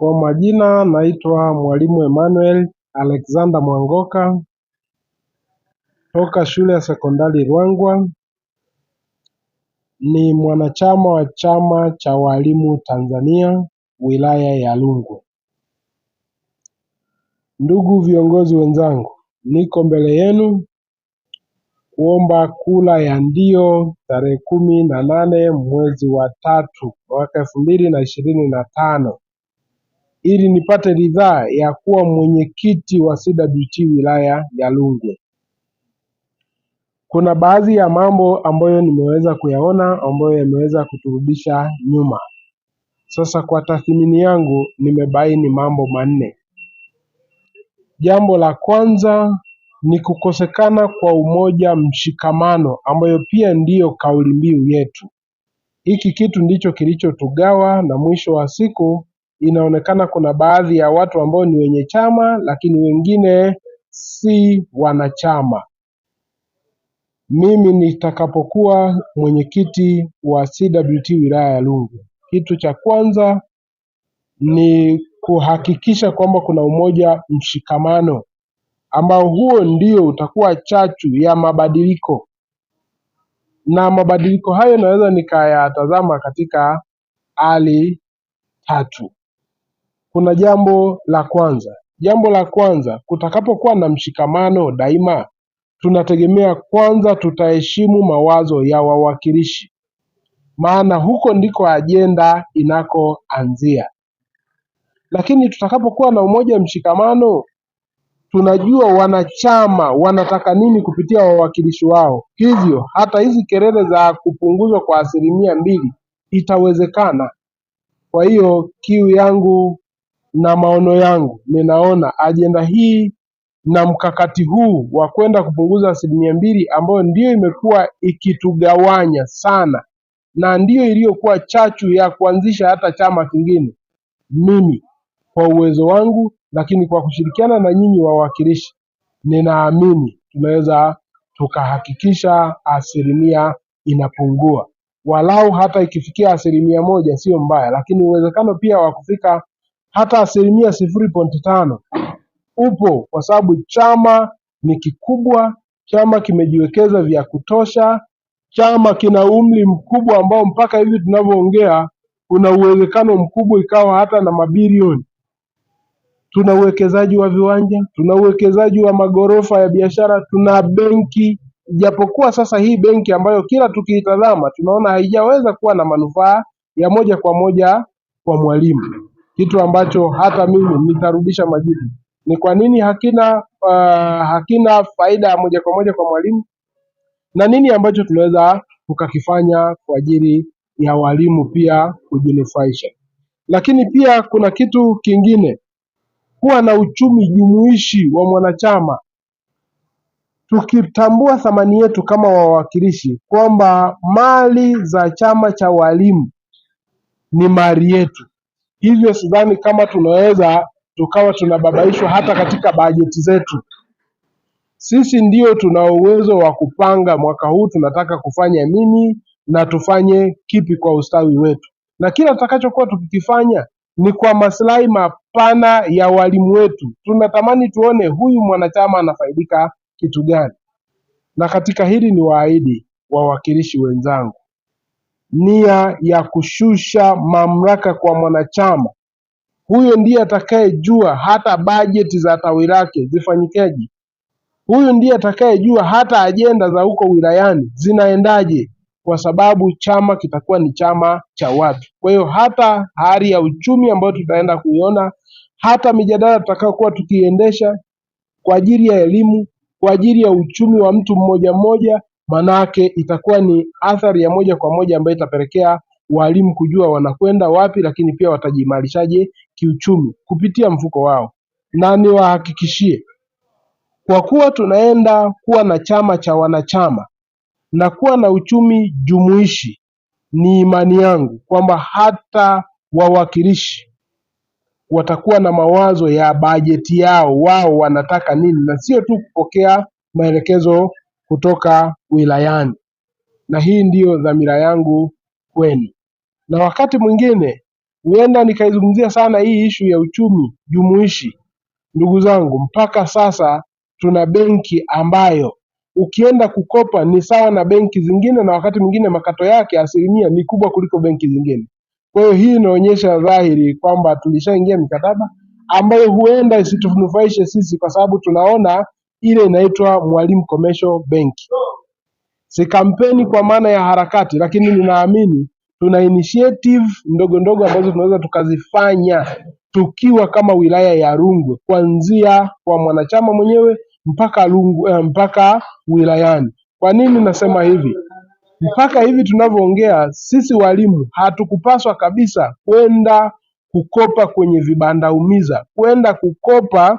Kwa majina naitwa mwalimu Emmanuel Alexander Mwangoka toka shule ya sekondari rwangwa Ni mwanachama wa chama cha walimu Tanzania wilaya ya Rungwe. Ndugu viongozi wenzangu, niko mbele yenu kuomba kura ya ndio tarehe kumi na nane mwezi wa tatu mwaka elfu mbili na ishirini na tano ili nipate ridhaa ya kuwa mwenyekiti wa CWT wilaya ya Lungwe. Kuna baadhi ya mambo ambayo nimeweza kuyaona ambayo yameweza kuturudisha nyuma. Sasa kwa tathmini yangu, nimebaini mambo manne. Jambo la kwanza ni kukosekana kwa umoja, mshikamano, ambayo pia ndiyo kauli mbiu yetu. Hiki kitu ndicho kilichotugawa na mwisho wa siku Inaonekana kuna baadhi ya watu ambao ni wenye chama lakini wengine si wanachama. Mimi nitakapokuwa mwenyekiti wa CWT wilaya ya Lungu, kitu cha kwanza ni kuhakikisha kwamba kuna umoja, mshikamano ambao huo ndio utakuwa chachu ya mabadiliko, na mabadiliko hayo naweza nikayatazama katika hali tatu kuna jambo la kwanza. Jambo la kwanza, kutakapokuwa na mshikamano daima, tunategemea kwanza tutaheshimu mawazo ya wawakilishi, maana huko ndiko ajenda inakoanzia. Lakini tutakapokuwa na umoja, mshikamano, tunajua wanachama wanataka nini kupitia wawakilishi wao. Hivyo hata hizi kelele za kupunguzwa kwa asilimia mbili itawezekana. Kwa hiyo kiu yangu na maono yangu, ninaona ajenda hii na mkakati huu wa kwenda kupunguza asilimia mbili ambayo ndiyo imekuwa ikitugawanya sana na ndiyo iliyokuwa chachu ya kuanzisha hata chama kingine, mimi kwa uwezo wangu, lakini kwa kushirikiana na nyinyi wawakilishi, ninaamini tunaweza tukahakikisha asilimia inapungua, walau hata ikifikia asilimia moja sio mbaya, lakini uwezekano pia wa kufika hata asilimia sifuri pointi tano upo, kwa sababu chama ni kikubwa, chama kimejiwekeza vya kutosha, chama kina umri mkubwa ambao mpaka hivi tunavyoongea kuna uwezekano mkubwa ikawa hata na mabilioni. Tuna uwekezaji wa viwanja, tuna uwekezaji wa magorofa ya biashara, tuna benki, japokuwa sasa hii benki ambayo kila tukiitazama tunaona haijaweza kuwa na manufaa ya moja kwa moja kwa mwalimu kitu ambacho hata mimi nitarudisha majibu. Ni kwa nini hakina uh, hakina faida moja kwa moja kwa mwalimu na nini ambacho tunaweza tukakifanya kwa ajili ya walimu pia kujinufaisha. Lakini pia kuna kitu kingine, kuwa na uchumi jumuishi wa mwanachama, tukitambua thamani yetu kama wawakilishi kwamba mali za chama cha walimu ni mali yetu Hivyo sidhani kama tunaweza tukawa tunababaishwa hata katika bajeti zetu. Sisi ndio tuna uwezo wa kupanga mwaka huu tunataka kufanya nini na tufanye kipi kwa ustawi wetu, na kila tutakachokuwa tukikifanya ni kwa maslahi mapana ya walimu wetu. Tunatamani tuone huyu mwanachama anafaidika kitu gani, na katika hili ni waahidi wawakilishi wenzangu nia ya kushusha mamlaka kwa mwanachama huyo ndiye atakayejua hata bajeti za tawi lake zifanyikeje. Huyu ndiye atakayejua hata ajenda za huko wilayani zinaendaje, kwa sababu chama kitakuwa ni chama cha watu. Kwa hiyo hata hali ya uchumi ambayo tutaenda kuiona, hata mijadala tutakayokuwa tukiendesha kwa ajili ya elimu, kwa ajili ya uchumi wa mtu mmoja mmoja, Manake itakuwa ni athari ya moja kwa moja ambayo itapelekea walimu kujua wanakwenda wapi, lakini pia watajiimarishaje kiuchumi kupitia mfuko wao. Na niwahakikishie kwa kuwa tunaenda kuwa na chama cha wanachama na kuwa na uchumi jumuishi, ni imani yangu kwamba hata wawakilishi watakuwa na mawazo ya bajeti yao, wao wanataka nini, na sio tu kupokea maelekezo kutoka wilayani, na hii ndiyo dhamira yangu kwenu. Na wakati mwingine huenda nikaizungumzia sana hii ishu ya uchumi jumuishi. Ndugu zangu, mpaka sasa tuna benki ambayo ukienda kukopa ni sawa na benki zingine, na wakati mwingine makato yake asilimia ni kubwa kuliko benki zingine. Kwa hiyo hii inaonyesha dhahiri kwamba tulishaingia mikataba ambayo huenda isitunufaishe sisi, kwa sababu tunaona ile inaitwa Mwalimu Commercial Bank. Si kampeni kwa maana ya harakati, lakini ninaamini tuna initiative ndogo ndogo ambazo tunaweza tukazifanya tukiwa kama wilaya ya Rungwe, kuanzia kwa mwanachama mwenyewe mpaka Rungwe, eh, mpaka wilayani. Kwa nini nasema hivi? Mpaka hivi tunavyoongea, sisi walimu hatukupaswa kabisa kwenda kukopa kwenye vibanda umiza, kwenda kukopa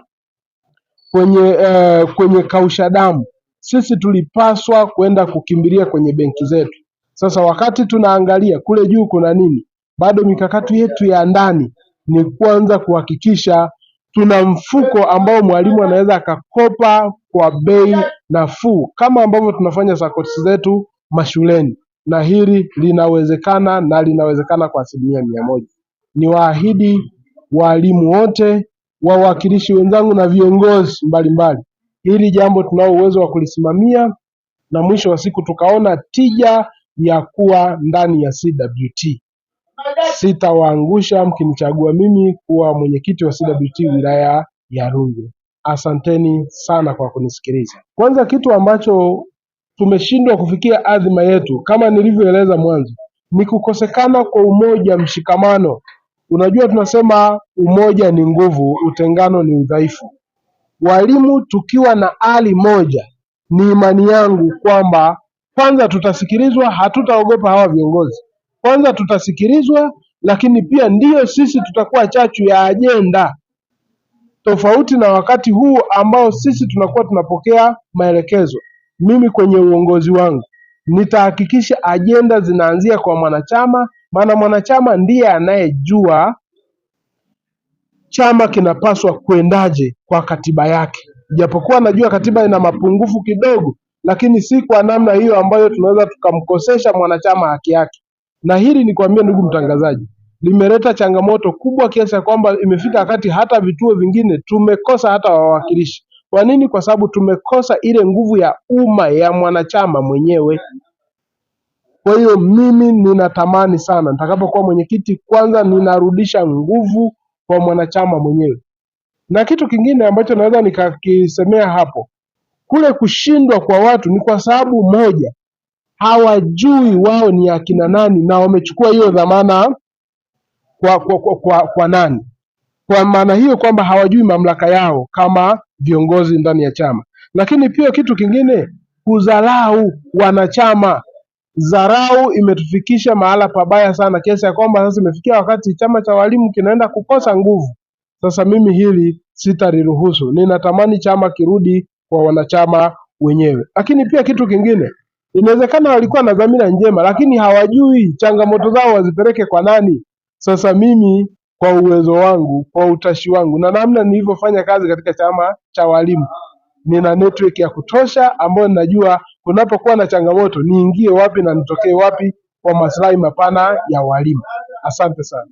kwenye, eh, kwenye kausha damu, sisi tulipaswa kwenda kukimbilia kwenye benki zetu. Sasa wakati tunaangalia kule juu kuna nini, bado mikakati yetu ya ndani ni kuanza kuhakikisha tuna mfuko ambao mwalimu anaweza akakopa kwa bei nafuu kama ambavyo tunafanya sakosi zetu mashuleni, na hili linawezekana na linawezekana kwa asilimia mia moja. Niwaahidi walimu wote wawakilishi wenzangu na viongozi mbalimbali mbali. Hili jambo tunao uwezo wa kulisimamia na mwisho wa siku tukaona tija ya kuwa ndani ya CWT. Sitawaangusha mkinichagua mimi kuwa mwenyekiti wa CWT wilaya ya Rungwe. Asanteni sana kwa kunisikiliza. Kwanza, kitu ambacho tumeshindwa kufikia adhima yetu kama nilivyoeleza mwanzo ni kukosekana kwa umoja, mshikamano Unajua, tunasema umoja ni nguvu, utengano ni udhaifu. Walimu tukiwa na hali moja, ni imani yangu kwamba kwanza tutasikilizwa, hatutaogopa hawa viongozi. Kwanza tutasikilizwa, lakini pia ndiyo sisi tutakuwa chachu ya ajenda, tofauti na wakati huu ambao sisi tunakuwa tunapokea maelekezo. Mimi kwenye uongozi wangu nitahakikisha ajenda zinaanzia kwa mwanachama maana mwanachama ndiye anayejua chama kinapaswa kuendaje kwa katiba yake, ijapokuwa anajua katiba ina mapungufu kidogo, lakini si kwa namna hiyo ambayo tunaweza tukamkosesha mwanachama haki yake. Na hili nikwambie, ndugu mtangazaji, limeleta changamoto kubwa kiasi ya kwamba imefika wakati hata vituo vingine tumekosa hata wawakilishi. Kwa nini? Kwa sababu tumekosa ile nguvu ya umma ya mwanachama mwenyewe. Kwa hiyo mimi ninatamani sana nitakapokuwa mwenyekiti, kwanza ninarudisha nguvu kwa mwanachama mwenyewe, na kitu kingine ambacho naweza nikakisemea hapo, kule kushindwa kwa watu ni kwa sababu moja, hawajui wao ni akina nani na wamechukua hiyo dhamana kwa, kwa, kwa, kwa, kwa nani. Kwa maana hiyo kwamba hawajui mamlaka yao kama viongozi ndani ya chama, lakini pia kitu kingine kudharau wanachama dharau imetufikisha mahala pabaya sana, kiasi ya kwamba sasa imefikia wakati chama cha walimu kinaenda kukosa nguvu. Sasa mimi hili sitaliruhusu, ninatamani chama kirudi kwa wanachama wenyewe. Lakini pia kitu kingine, inawezekana walikuwa na dhamira njema, lakini hawajui changamoto zao wazipeleke kwa nani. Sasa mimi kwa uwezo wangu, kwa utashi wangu na namna nilivyofanya kazi katika chama cha walimu, nina network ya kutosha ambayo ninajua unapokuwa na changamoto niingie wapi na nitokee wapi, kwa maslahi mapana ya walimu. Asante sana.